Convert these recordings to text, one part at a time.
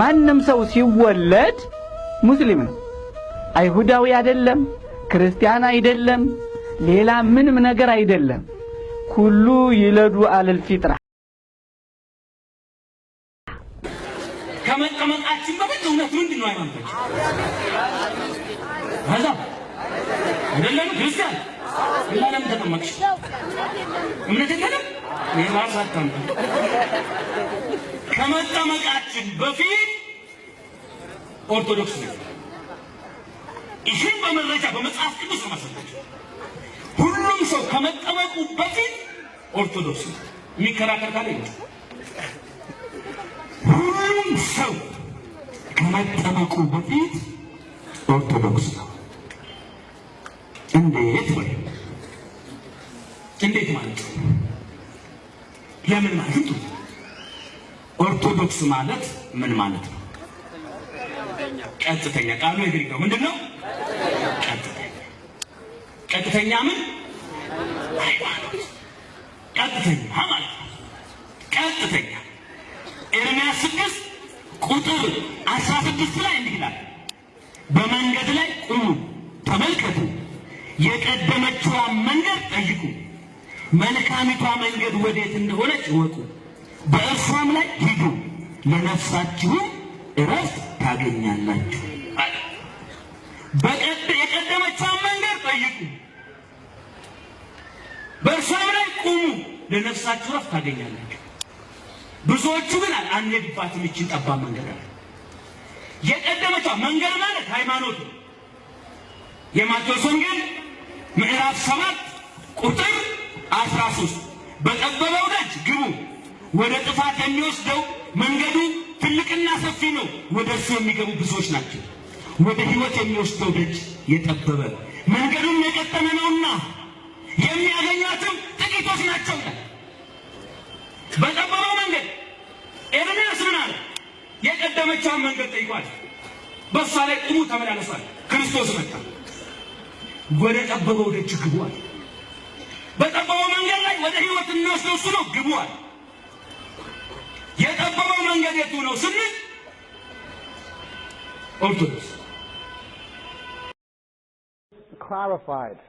ማንም ሰው ሲወለድ ሙስሊም ነው። አይሁዳዊ አይደለም፣ ክርስቲያን አይደለም፣ ሌላ ምንም ነገር አይደለም። ሁሉ ይለዱ አለል ፊጥራ ከመቀመጣችን በፊት እውነት ምንድን ነው? ሃይማኖታችን አይደለም ክርስቲያን ምንም ተቀመጥሽ እምነት የለም። የራሳተን ከመጠመቃችን በፊት ኦርቶዶክስ ነው። ይህን በመረጃ በመጽሐፍ ቅዱስ ማሰጣቸው ሁሉም ሰው ከመጠመቁ በፊት ኦርቶዶክስ ነው። የሚከራከር ካለ ሁሉም ሰው ከመጠመቁ በፊት ኦርቶዶክስ ነው። እንዴት እንዴት ማለት ነው? ለምን ማለት ነው? ኦርቶዶክስ ማለት ምን ማለት ነው? ቀጥተኛ ቃሉ የግሪክ ነው። ምንድን ነው ቀጥተኛ? ቀጥተኛ ምን ቀጥተኛ ማለት ነው። ቀጥተኛ ኤርሚያስ ስድስት ቁጥር አስራ ስድስት ላይ እንዲህ ይላል፣ በመንገድ ላይ ቁሙ፣ ተመልከቱ፣ የቀደመችዋን መንገድ ጠይቁ መልካሚቷ መንገድ ወዴት እንደሆነች እወቁ፣ በእርሷም ላይ ሂዱ፣ ለነፍሳችሁም እረፍት ታገኛላችሁ። የቀደመችውን መንገድ ጠይቁ፣ በእርሷም ላይ ቁሙ፣ ለነፍሳችሁ እረፍት ታገኛላችሁ። ብዙዎቹ ግን አንሄድባት ምችን ጠባብ መንገድ አለ። የቀደመቿ መንገድ ማለት ሃይማኖት ነው። የማቴዎስ ወንጌል ምዕራፍ ሰባት ቁጥር አስራ ሶስት በጠበበው ደጅ ግቡ፣ ወደ ጥፋት የሚወስደው መንገዱ ትልቅና ሰፊ ነው፣ ወደ እርሱ የሚገቡ ብዙዎች ናቸው። ወደ ሕይወት የሚወስደው ደጅ የጠበበ መንገዱም የቀጠነ ነውና የሚያገኟትም ጥቂቶች ናቸው። በጠበበው መንገድ ኤርምያስ ምን አለ? የቀደመችውን መንገድ ጠይቋል። በእሷ ላይ ቁሙ፣ ተመላለሷል። ክርስቶስ መጣ። ወደ ጠበበው ደጅ ግቡ አለ። ወደ ህይወት የሚወስደው እሱ ነው የጠበበው መንገድ የቱ ነው ስንል ኦርቶዶክስ clarified.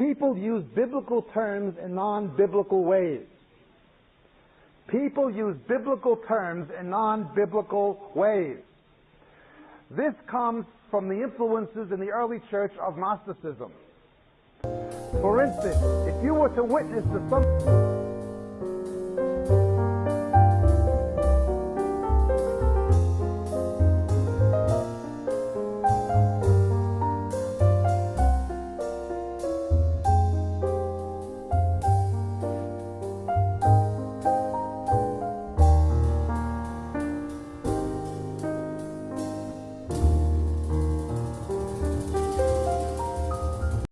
People use biblical terms in non biblical ways. People use biblical terms in non biblical ways. This comes from the influences in the early church of Gnosticism. For instance, if you were to witness to something.